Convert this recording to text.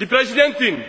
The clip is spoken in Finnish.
Die Präsidentin!